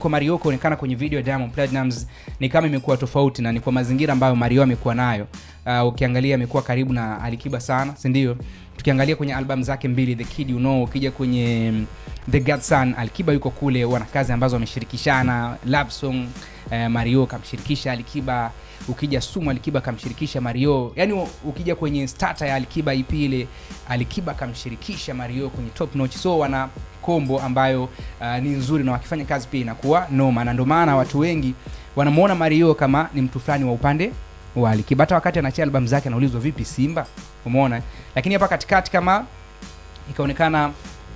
kwa Mario kuonekana kwenye video ya Diamond Platnumz ni kama imekuwa tofauti na ni kwa mazingira ambayo Mario amekuwa nayo. Uh, ukiangalia amekuwa karibu na Alikiba sana, si ndio? Tukiangalia kwenye albamu zake mbili The Kid You Know, ukija kwenye mm, The Godson, Alikiba yuko kule, wana kazi ambazo wameshirikishana love song. Uh, Mario kamshirikisha Alikiba, ukija Sumu Alikiba kamshirikisha Mario. Yani ukija kwenye starter ya Alikiba ipi ile, Alikiba kamshirikisha Mario kwenye top notch, so wana kombo ambayo uh, ni nzuri na wakifanya kazi pia inakuwa noma, na ndio maana watu wengi wanamuona Mario kama ni mtu fulani wa upande wa Alikiba. Hata wakati anachia albamu zake anaulizwa vipi Simba, umeona. Lakini hapa katikati kama ikaonekana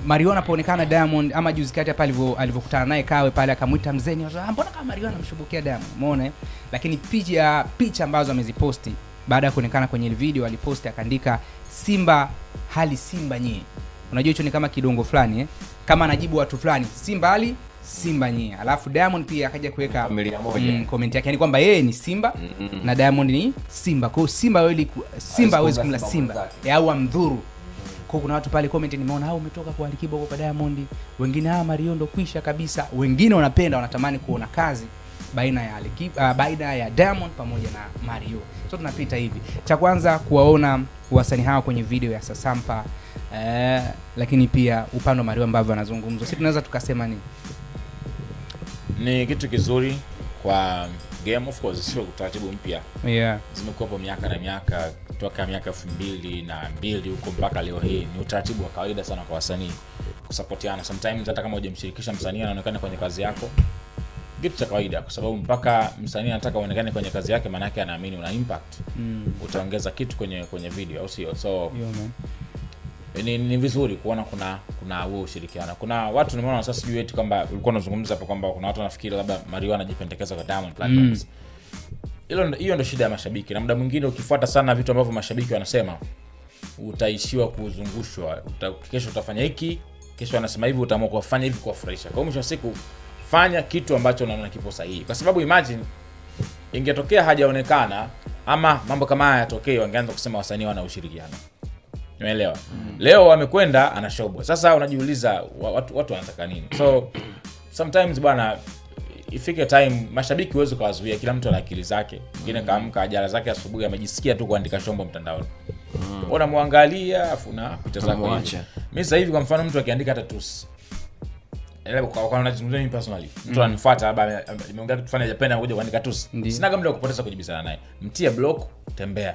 Mario anapoonekana Diamond ama juzi kati hapa alivyokutana naye Kawe pale akamwita mzeni, mbona kama Mario anamshubukia Diamond, umeona. Lakini picha picha ambazo ameziposti baada ya kuonekana kwenye ile video aliposti akaandika Simba hali Simba nyie, unajua hicho ni kama kidongo fulani eh? kama anajibu watu fulani, si mbali Simba nyie. Alafu Diamond pia akaja kuweka mm, yake yani kwamba yeye ni Simba mm hmm na Diamond ni Simba. kwao Simba wewe Simba awezi kumla Simba au amdhuru. kwao kuna watu pale komenti nimeona au umetoka kwa Alikiba kwa Diamond. Wengine hawa ah, mariondo kwisha kabisa. Wengine wanapenda wanatamani kuona kazi baina ya Alikiba, uh, baina ya Diamond pamoja na Mario. So tunapita hivi, cha kwanza kuwaona wasanii hawa kwenye video ya Sasampa eh, lakini pia upande wa Mario ambavyo anazungumza, si tunaweza tukasema ni ni kitu kizuri kwa game, of course sio utaratibu mpya yeah. Zimekuwepo miaka na miaka toka miaka elfu mbili na mbili huko mpaka leo hii, ni utaratibu wa kawaida sana kwa wasanii kusapotiana. Sometimes hata kama hujamshirikisha msanii, anaonekana kwenye kazi yako kitu cha kawaida, kwa sababu mpaka msanii anataka uonekane kwenye kazi yake, maanake anaamini una impact mm. utaongeza kitu kwenye kwenye video, au sio? So ni, ni vizuri kuona kuna kuna huo ushirikiano. Kuna watu nimeona sasa, sijui eti kwamba ulikuwa unazungumza hapo kwamba kuna watu wanafikiri labda Marioo anajipendekeza kwa Diamond Platnumz mm. hilo mm. hiyo ndio shida ya mashabiki, na muda mwingine ukifuata sana vitu ambavyo mashabiki wanasema utaishiwa kuzungushwa uta, kesho utafanya hiki, kesho anasema hivi, utaamua kufanya hivi kuwafurahisha. Kwa mwisho wa siku fanya kitu ambacho unaona kipo sahihi, kwa sababu imagine ingetokea hajaonekana ama mambo kama haya yatokee, wangeanza kusema wasanii wana ushirikiano. Umeelewa? mm -hmm. Leo wamekwenda anashobwa. Sasa unajiuliza watu, watu wanataka nini? So sometimes bwana, ifike time mashabiki huwezi ukawazuia, kila mtu ana akili zake. Mwingine mm -hmm. kaamka ajara zake asubuhi, amejisikia tu kuandika shombo mtandaoni mm -hmm. unamwangalia afu na pita zako. Mimi sasa hivi kwa mfano mtu akiandika hata tusi Yaani mimi mtu mm. labda kupoteza kujibizana naye, mtie blok tembea